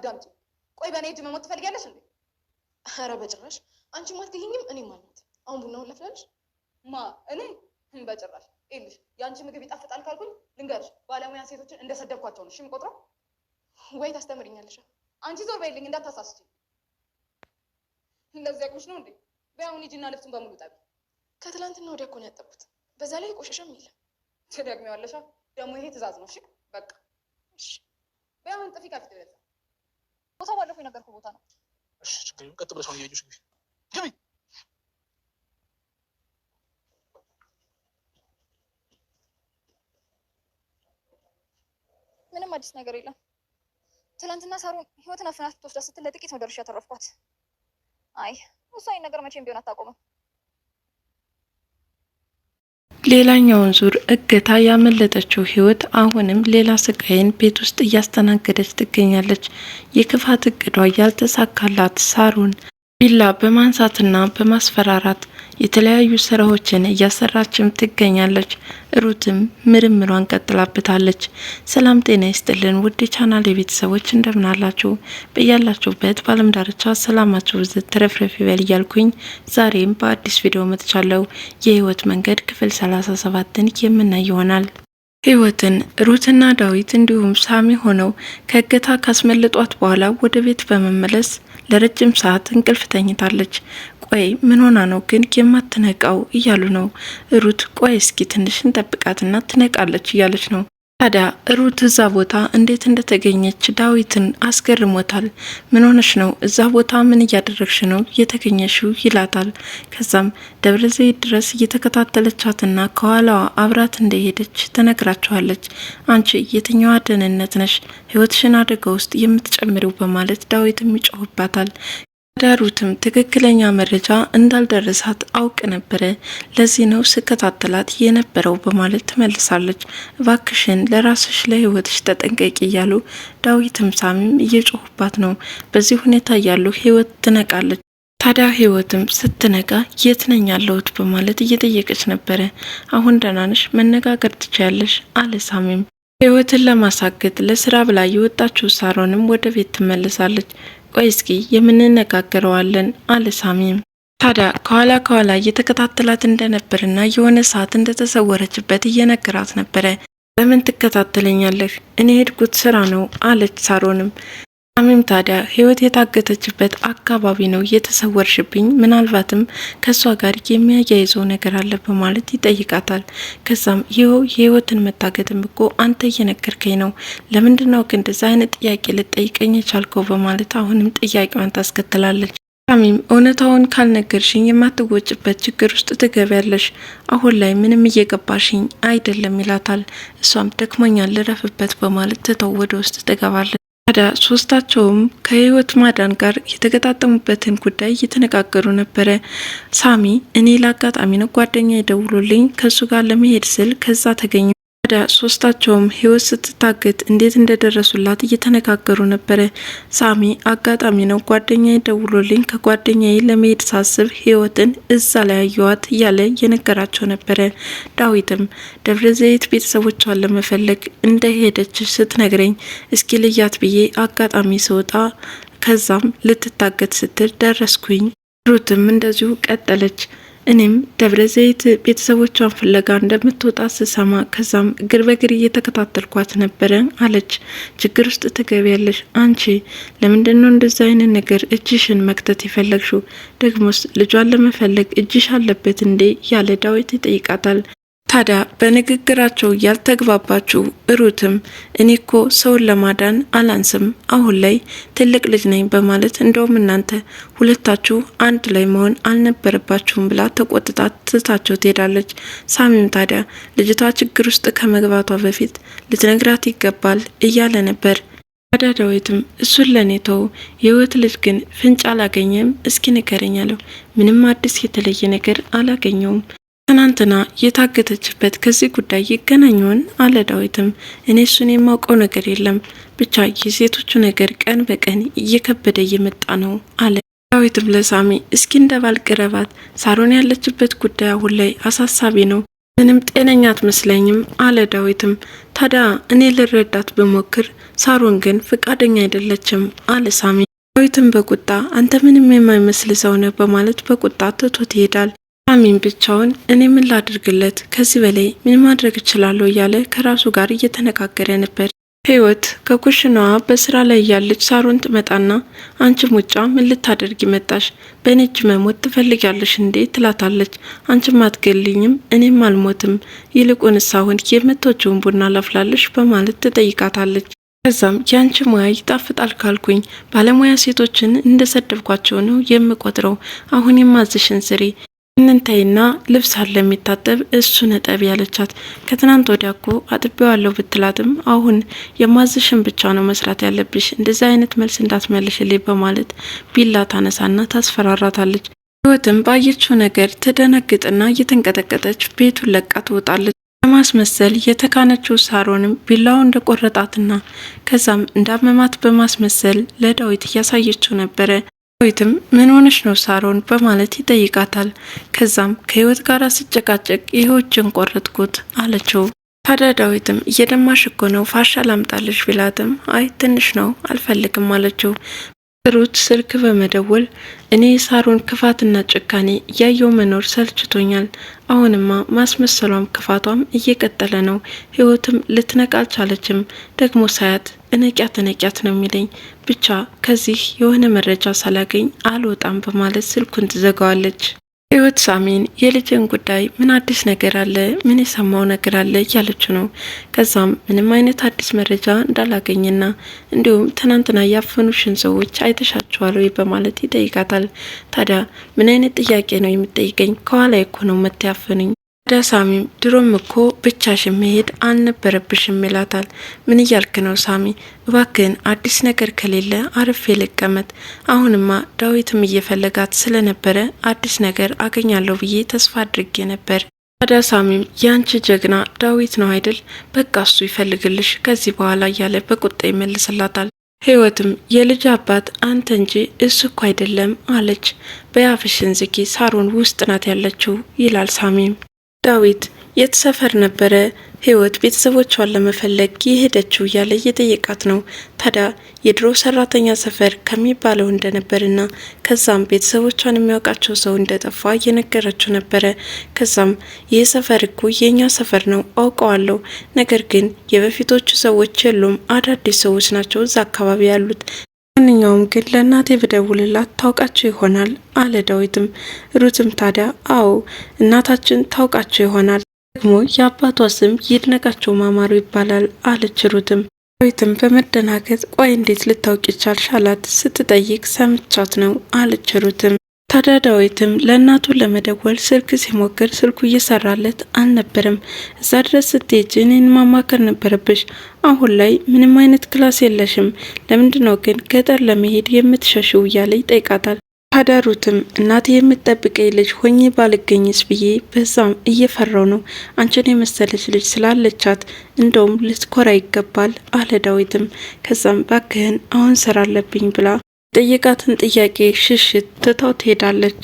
አዳምጪ። ቆይ በእኔ እጅ መሞት ትፈልጊያለሽ እንዴ? ኧረ በጭራሽ። አንቺም አትይኝም፣ እኔ አልሞትም። አሁን ቡናውን ላፍላለሽ? ማ እኔ በጭራሽ። ይኸውልሽ የአንቺ ምግብ ይጣፍጣል ካልኩኝ ልንገርሽ፣ ባለሙያ ሴቶችን እንደሰደብኳቸው ነው። እሺ የምቆጥረው ወይ ታስተምርኛለሽ? አንቺ ዞር በይልኝ እንዳታሳስችኝ። እንደዚህ አቅምሽ ነው እንዴ? በያሁን ሂጂና ልብሱን በሙሉ ጠቢ። ከትላንትና ወዲያ እኮ ነው ያጠብኩት። በዛ ላይ ቆሸሸም የለም። ትደግሚዋለሻ ደግሞ ይሄ ትእዛዝ ነው። እሺ በቃ እሺ። በያሁን ጥፊ ከፊት ቦታ ባለፈው የነገርኩ ቦታ ነው። ቀጥ ብለሽ አሁን እያየሁሽ ግቢ ግቢ። ምንም አዲስ ነገር የለም። ትናንትና ሳሩን ህይወትን አፍናት ትወስዳ ስትል ለጥቂት ነው ደርሼ ያተረፍኳት። አይ እሷ ይህን ነገር መቼም ቢሆን አታቆምም። ሌላኛውን ዙር እገታ ያመለጠችው ህይወት አሁንም ሌላ ስቃይን ቤት ውስጥ እያስተናገደች ትገኛለች። የክፋት እቅዷ ያልተሳካላት ሳሩን ቢላ በማንሳትና በማስፈራራት የተለያዩ ስራዎችን እያሰራችም ትገኛለች። ሩትም ምርምሯን ቀጥላበታለች። ሰላም ጤና ይስጥልን ውድ ቻናል የቤተሰቦች እንደምናላችሁ በያላችሁበት በዓለም ዳርቻ ሰላማችሁ ብዝት ትረፍረፍ ይበል እያልኩኝ ዛሬም በአዲስ ቪዲዮ መጥቻለሁ። የህይወት መንገድ ክፍል ሰላሳ ሰባትን የምናይ ይሆናል። ህይወትን ሩትና ዳዊት እንዲሁም ሳሚ ሆነው ከእገታ ካስመለጧት በኋላ ወደ ቤት በመመለስ ለረጅም ሰዓት እንቅልፍ ተኝታለች። ቆይ ምን ሆና ነው ግን የማትነቃው እያሉ ነው። ሩት ቆይ እስኪ ትንሽ እንጠብቃትና ትነቃለች እያለች ነው። ታዲያ ሩት እዛ ቦታ እንዴት እንደተገኘች ዳዊትን አስገርሞታል። ምን ሆነሽ ነው? እዛ ቦታ ምን እያደረግሽ ነው የተገኘሽው? ይላታል። ከዛም ደብረ ዘይት ድረስ እየተከታተለቻትና ከኋላዋ አብራት እንደሄደች ትነግራቸዋለች። አንቺ የትኛዋ ደህንነት ነሽ? ህይወትሽን አደጋ ውስጥ የምትጨምሪው በማለት ዳዊትም ይጮህባታል። ዳሩትም ትክክለኛ መረጃ እንዳልደረሳት አውቅ ነበረ። ለዚህ ነው ስከታተላት የነበረው በማለት ትመልሳለች። እባክሽን ለራስሽ ለሕይወትሽ ተጠንቀቂ እያሉ ዳዊትም ሳሚም እየጮሁባት ነው። በዚህ ሁኔታ እያሉ ህይወት ትነቃለች። ታዲያ ህይወትም ስትነቃ የት ነኝ ያለሁት በማለት እየጠየቀች ነበረ። አሁን ደህና ነሽ? መነጋገር ትችያለሽ አለ ሳሚም ህይወትን ለማሳገት ለስራ ብላ የወጣችው ሳሮንም ወደ ቤት ትመለሳለች። ቆይ እስኪ የምንነጋገረዋለን አለ ሳሚም። ታዲያ ከኋላ ከኋላ እየተከታተላት እንደነበርና የሆነ ሰዓት እንደተሰወረችበት እየነገራት ነበረ። በምን ትከታተለኛለህ? እኔ ሄድኩት ስራ ነው አለች ሳሮንም። አሚም ታዲያ ህይወት የታገተችበት አካባቢ ነው እየተሰወርሽብኝ፣ ምናልባትም ከእሷ ጋር የሚያያይዘው ነገር አለ በማለት ይጠይቃታል። ከዛም ይኸው የህይወትን መታገትም እኮ አንተ እየነገርከኝ ነው፣ ለምንድን ነው ግን እንደዚ አይነት ጥያቄ ልጠይቀኝ የቻልከው? በማለት አሁንም ጥያቄዋን ታስከትላለች። አሚም እውነታውን ካልነገርሽኝ የማትወጭበት ችግር ውስጥ ትገቢያለሽ። አሁን ላይ ምንም እየገባሽኝ አይደለም ይላታል። እሷም ደክሞኛል ልረፍበት በማለት ትተው ወደ ውስጥ ትገባለች። ታዲያ ሶስታቸውም ከህይወት ማዳን ጋር የተገጣጠሙበትን ጉዳይ እየተነጋገሩ ነበረ። ሳሚ እኔ ለአጋጣሚ ነው ጓደኛ ደውሎልኝ ከእሱ ጋር ለመሄድ ስል ከዛ ተገኘ ታዲያ ሶስታቸውም ህይወት ስትታገት እንዴት እንደደረሱላት እየተነጋገሩ ነበረ። ሳሚ አጋጣሚ ነው ጓደኛዬ ደውሎልኝ ከጓደኛዬ ለመሄድ ሳስብ ህይወትን እዛ ላይ አየዋት እያለ የነገራቸው ነበረ። ዳዊትም ደብረ ዘይት ቤተሰቦቿን ለመፈለግ እንደሄደች ስትነግረኝ እስኪ ልያት ብዬ አጋጣሚ ስወጣ ከዛም ልትታገት ስትል ደረስኩኝ። ሩትም እንደዚሁ ቀጠለች። እኔም ደብረ ዘይት ቤተሰቦቿን ፍለጋ እንደምትወጣ ስሰማ ከዛም እግር በግር እየተከታተልኳት ነበረ አለች። ችግር ውስጥ ትገቢያለሽ አንቺ። ለምንድን ነው እንደዚ አይነት ነገር እጅሽን መክተት የፈለግሹ? ደግሞስ ልጇን ለመፈለግ እጅሽ አለበት እንዴ? ያለ ዳዊት ይጠይቃታል። ታዲያ በንግግራቸው ያልተግባባችሁ ሩትም እኔ ሰውን ለማዳን አላንስም፣ አሁን ላይ ትልቅ ልጅ ነኝ በማለት እንደውም እናንተ ሁለታችሁ አንድ ላይ መሆን አልነበረባችሁም ብላ ተቆጥታ ትታቸው ትሄዳለች። ሳሚም ታዲያ ልጅቷ ችግር ውስጥ ከመግባቷ በፊት ልትነግራት ይገባል እያለ ነበር። ታዲያ ዳዊትም እሱን ለእኔ ተው፣ የህይወት ልጅ ግን ፍንጭ አላገኘም፣ እስኪ ንገረኝ አለው። ምንም አዲስ የተለየ ነገር አላገኘውም ትናንትና የታገተችበት ከዚህ ጉዳይ ይገናኘውን አለ ዳዊትም። እኔ እሱን የማውቀው ነገር የለም ብቻ የሴቶቹ ነገር ቀን በቀን እየከበደ እየመጣ ነው አለ ዳዊትም ለሳሚ እስኪ እንደ ባል ቅረባት፣ ሳሮን ያለችበት ጉዳይ አሁን ላይ አሳሳቢ ነው፣ ምንም ጤነኛ አትመስለኝም አለ ዳዊትም። ታዲያ እኔ ልረዳት ብሞክር ሳሮን ግን ፍቃደኛ አይደለችም አለ ሳሚ። ዳዊትም በቁጣ አንተ ምንም የማይመስል ሰው ነህ በማለት በቁጣ ትቶት ይሄዳል። አሚን ብቻውን እኔ ምን ላድርግለት ከዚህ በላይ ምን ማድረግ እችላለሁ እያለ ከራሱ ጋር እየተነጋገረ ነበር። ህይወት ከኩሽናዋ በስራ ላይ ያለች ሳሮን ትመጣና አንቺ ሙጫ ምን ልታደርጊ መጣሽ? በእኔ እጅ መሞት ትፈልጊያለሽ እንዴ? ትላታለች። አንቺም አትገልኝም እኔም አልሞትም፣ ይልቁንስ አሁን የምትወጂውን ቡና ላፍላለሽ በማለት ትጠይቃታለች። ከዛም የአንቺ ሙያ ይጣፍጣል ካልኩኝ ባለሙያ ሴቶችን እንደሰደብኳቸው ነው የምቆጥረው። አሁን የማዝሽን ስሪ እንንተይና ልብስ አለ የሚታጠብ እሱ ነጠብ ያለቻት። ከትናንት ወዲያ እኮ አጥቤዋለሁ ብትላትም አሁን የማዝሽን ብቻ ነው መስራት ያለብሽ፣ እንደዚህ አይነት መልስ እንዳትመልሽልኝ በማለት ቢላ ታነሳና ታስፈራራታለች። ህይወትም ባየችው ነገር ትደነግጥና እየተንቀጠቀጠች ቤቱን ለቃ ትወጣለች። በማስመሰል የተካነችው ሳሮንም ቢላው እንደቆረጣትና ከዛም እንዳመማት በማስመሰል ለዳዊት እያሳየችው ነበረ። ዳዊትም ምን ሆነሽ ነው ሳሮን በማለት ይጠይቃታል። ከዛም ከህይወት ጋር ስጨቃጨቅ ይሄዎችን ቆረጥኩት አለችው። ታዲያ ዳዊትም እየደማሽ እኮ ነው ፋሻ ላምጣልሽ ቢላትም አይ ትንሽ ነው አልፈልግም አለችው። ሩት ስልክ በመደወል እኔ የሳሩን ክፋትና ጭካኔ እያየው መኖር ሰልችቶኛል። አሁንማ ማስመሰሏም ክፋቷም እየቀጠለ ነው። ህይወትም ልትነቃ አልቻለችም። ደግሞ ሳያት እነቂያት እነቂያት ነው የሚለኝ። ብቻ ከዚህ የሆነ መረጃ ሳላገኝ አልወጣም በማለት ስልኩን ትዘጋዋለች። ህይወት ሳሚን የልጅን ጉዳይ ምን አዲስ ነገር አለ፣ ምን የሰማው ነገር አለ እያለች ነው። ከዛም ምንም አይነት አዲስ መረጃ እንዳላገኝና እንዲሁም ትናንትና ያፈኑሽን ሰዎች አይተሻቸዋል ወይ በማለት ይጠይቃታል። ታዲያ ምን አይነት ጥያቄ ነው የምጠይቀኝ? ከኋላ እኮ ነው ያፈኑኝ። ሳሚም ድሮም እኮ ብቻሽን መሄድ አልነበረብሽም ይላታል። ምን እያልክ ነው ሳሚ? እባክህን አዲስ ነገር ከሌለ አርፌ ልቀመጥ። አሁንማ ዳዊትም እየፈለጋት ስለነበረ አዲስ ነገር አገኛለሁ ብዬ ተስፋ አድርጌ ነበር። ታዲያ ሳሚም ያንቺ ጀግና ዳዊት ነው አይደል? በቃ እሱ ይፈልግልሽ ከዚህ በኋላ እያለ በቁጣ ይመልስላታል። ህይወትም የልጅ አባት አንተ እንጂ እሱ እኮ አይደለም አለች። በያፍሽን ዝጊ፣ ሳሮን ውስጥ ናት ያለችው ይላል ሳሚም ዳዊት የት ሰፈር ነበረ ህይወት ቤተሰቦቿን ለመፈለግ የሄደችው እያለ እየጠየቃት ነው። ታዲያ የድሮ ሰራተኛ ሰፈር ከሚባለው እንደነበርና ከዛም ቤተሰቦቿን የሚያውቃቸው ሰው እንደጠፋ እየነገረችው ነበረ። ከዛም ይህ ሰፈር እኮ የእኛ ሰፈር ነው አውቀዋለሁ፣ ነገር ግን የበፊቶቹ ሰዎች የሉም፣ አዳዲስ ሰዎች ናቸው እዛ አካባቢ ያሉት ማንኛውም ግን ለእናቴ ብደውልላት ታውቃቸው ይሆናል አለ ዳዊትም። ሩትም ታዲያ አዎ እናታችን ታውቃቸው ይሆናል ደግሞ የአባቷ ስም ይድነቃቸው ማማሩ ይባላል አለች ሩትም። ዳዊትም በመደናገጥ ቆይ እንዴት ልታውቂ ቻልሽ? አላት። ስትጠይቅ ሰምቻት ነው አለች ሩትም። ታዲያ ዳዊትም ለእናቱ ለመደወል ስልክ ሲሞክር ስልኩ እየሰራለት አልነበረም። እዛ ድረስ ስትሄጂ እኔን ማማከር ነበረብሽ። አሁን ላይ ምንም አይነት ክላስ የለሽም። ለምንድነው ግን ገጠር ለመሄድ የምትሸሽው? እያለ ይጠይቃታል። ታዲያ ሩትም እናቴ የምትጠብቀኝ ልጅ ሆኜ ባልገኝስ ብዬ በዛም እየፈራው ነው አንቺን የመሰለች ልጅ ስላለቻት እንደውም ልትኮራ ይገባል አለ ዳዊትም። ከዛም ባክህን አሁን ስራ አለብኝ ብላ ጠየቃትን ጥያቄ ሽሽት ትታው ትሄዳለች።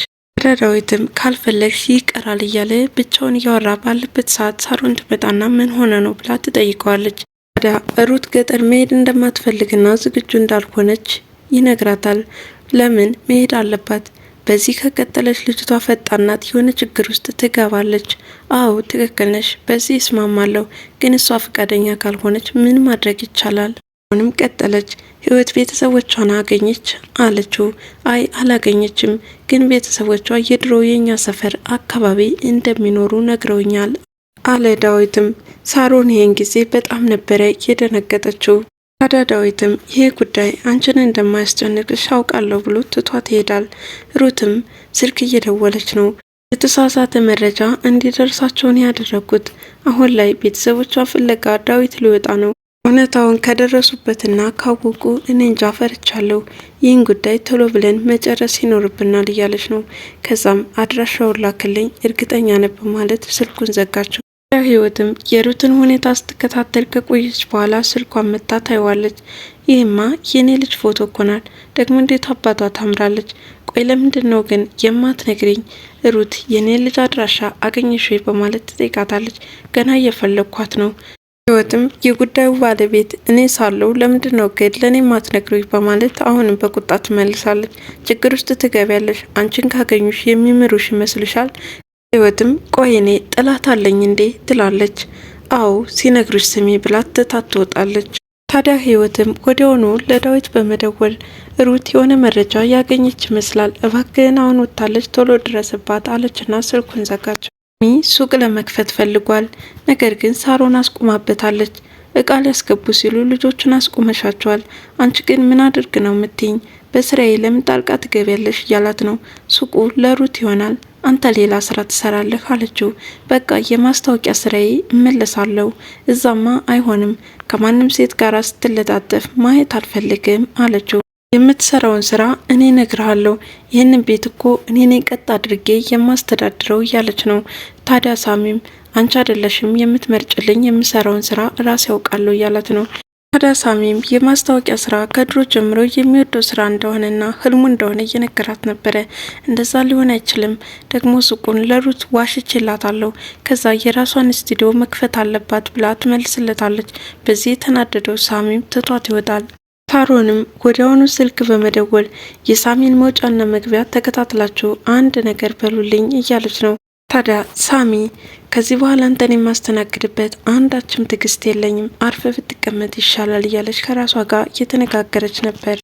ረዳዊትም ካልፈለግሽ ይቀራል እያለ ብቻውን እያወራ ባለበት ሰዓት ሳሮን ትመጣና ምን ሆነ ነው ብላ ትጠይቀዋለች። ታዲያ ሩት ገጠር መሄድ እንደማትፈልግና ዝግጁ እንዳልሆነች ይነግራታል። ለምን መሄድ አለባት? በዚህ ከቀጠለች ልጅቷ ፈጣናት የሆነ ችግር ውስጥ ትገባለች። አዎ ትክክል ነሽ፣ በዚህ እስማማለሁ። ግን እሷ ፈቃደኛ ካልሆነች ምን ማድረግ ይቻላል? አሁንም ቀጠለች። ህይወት ቤተሰቦቿን አገኘች አለችው። አይ አላገኘችም፣ ግን ቤተሰቦቿ የድሮ የእኛ ሰፈር አካባቢ እንደሚኖሩ ነግረውኛል አለ ዳዊትም። ሳሮን ይህን ጊዜ በጣም ነበረ የደነገጠችው። ታዲያ ዳዊትም ይህ ጉዳይ አንቺን እንደማያስጨንቅሽ አውቃለሁ ብሎ ትቷት ይሄዳል። ሩትም ስልክ እየደወለች ነው የተሳሳተ መረጃ እንዲደርሳቸውን ያደረጉት። አሁን ላይ ቤተሰቦቿ ፍለጋ ዳዊት ሊወጣ ነው እውነታውን ከደረሱበትና ካወቁ እኔ እንጃ ፈርቻለሁ። ይህን ጉዳይ ቶሎ ብለን መጨረስ ይኖርብናል እያለች ነው። ከዛም አድራሻውን ላክልኝ እርግጠኛ ነኝ በማለት ስልኩን ዘጋቸው። ህይወትም የሩትን ሁኔታ ስትከታተል ከቆየች በኋላ ስልኳን መታ ታይዋለች። ይህማ የኔ ልጅ ፎቶ ኮናል። ደግሞ እንዴት አባቷ ታምራለች። ቆይ ለምንድን ነው ግን ነግሪኝ? ሩት የኔ ልጅ አድራሻ አገኘሽ በማለት ትጠይቃታለች። ገና እየፈለግኳት ነው ህይወትም የጉዳዩ ባለቤት እኔ ሳለው ለምንድን ነው ግን ለእኔ ማትነግሮች? በማለት አሁንም በቁጣ ትመልሳለች። ችግር ውስጥ ትገቢያለሽ። አንቺን ካገኙሽ የሚምሩሽ ይመስልሻል? ህይወትም ቆይ እኔ ጥላት አለኝ እንዴ? ትላለች። አዎ ሲነግሩሽ ስሚ ብላት ትታት ትወጣለች። ታዲያ ህይወትም ወዲያውኑ ለዳዊት በመደወል ሩት የሆነ መረጃ ያገኘች ይመስላል፣ እባክህን አሁን ወጥታለች ቶሎ ድረስባት አለችና ስልኩን ዘጋች። ሚ ሱቅ ለመክፈት ፈልጓል። ነገር ግን ሳሮን አስቁማበታለች። እቃ ሊያስገቡ ሲሉ ልጆቹን አስቁመሻቸዋል። አንቺ ግን ምን አድርግ ነው የምትይኝ? በስራዬ ለምን ጣልቃ ትገቢያለሽ? እያላት ነው። ሱቁ ለሩት ይሆናል፣ አንተ ሌላ ስራ ትሰራለህ አለችው። በቃ የማስታወቂያ ስራዬ እመለሳለሁ። እዛማ አይሆንም፣ ከማንም ሴት ጋር ስትለጣጠፍ ማየት አልፈልግም አለችው። የምትሰራውን ስራ እኔ ነግርሃለሁ፣ ይህንን ቤት እኮ እኔ ነኝ ቀጥ አድርጌ የማስተዳድረው እያለች ነው። ታዲያ ሳሚም አንቺ አይደለሽም የምትመርጭልኝ፣ የምሰራውን ስራ ራሴ ያውቃለሁ እያላት ነው። ታዲያ ሳሚም የማስታወቂያ ስራ ከድሮ ጀምሮ የሚወደው ስራ እንደሆነና ህልሙ እንደሆነ እየነገራት ነበረ። እንደዛ ሊሆን አይችልም፣ ደግሞ ሱቁን ለሩት ዋሽቼላታለሁ፣ ከዛ የራሷን ስቱዲዮ መክፈት አለባት ብላ ትመልስለታለች። በዚህ የተናደደው ሳሚም ትቷት ይወጣል። ታሮንም ወዲያውኑ ስልክ በመደወል የሳሚን መውጫና መግቢያ ተከታትላችሁ አንድ ነገር በሉልኝ እያለች ነው። ታዲያ ሳሚ ከዚህ በኋላ አንተን የማስተናግድበት አንዳችም ትዕግስት የለኝም፣ አርፈ ብትቀመጥ ይሻላል እያለች ከራሷ ጋር እየተነጋገረች ነበር።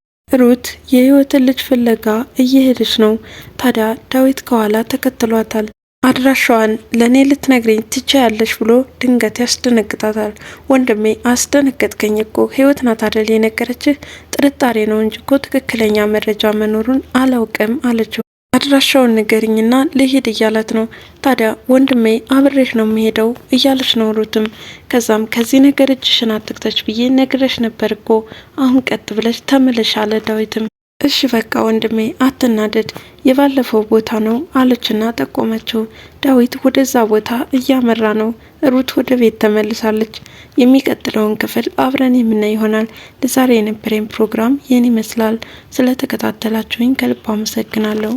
ሩት የህይወትን ልጅ ፍለጋ እየሄደች ነው። ታዲያ ዳዊት ከኋላ ተከትሏታል። አድራሻዋን ለእኔ ልትነግረኝ ትችያለሽ ብሎ ድንገት ያስደነግጣታል። ወንድሜ አስደነገጥከኝ እኮ ህይወት ናት አደል የነገረችህ? ጥርጣሬ ነው እንጂ እኮ ትክክለኛ መረጃ መኖሩን አላውቅም አለችው። አድራሻውን ንገርኝና ልሄድ እያላት ነው። ታዲያ ወንድሜ አብሬሽ ነው የምሄደው እያለች ነው ሩትም። ከዛም ከዚህ ነገር እጅሽን አትክተች ብዬ ነግረሽ ነበር እኮ አሁን ቀጥ ብለሽ ተመለሽ አለ ዳዊትም። እሺ በቃ ወንድሜ አትናደድ፣ የባለፈው ቦታ ነው አለችና ጠቆመችው። ዳዊት ወደዛ ቦታ እያመራ ነው። ሩት ወደ ቤት ተመልሳለች። የሚቀጥለውን ክፍል አብረን የምናይ ይሆናል። ለዛሬ የነበረን ፕሮግራም ይህን ይመስላል። ስለተከታተላችሁኝ ከልብ አመሰግናለሁ።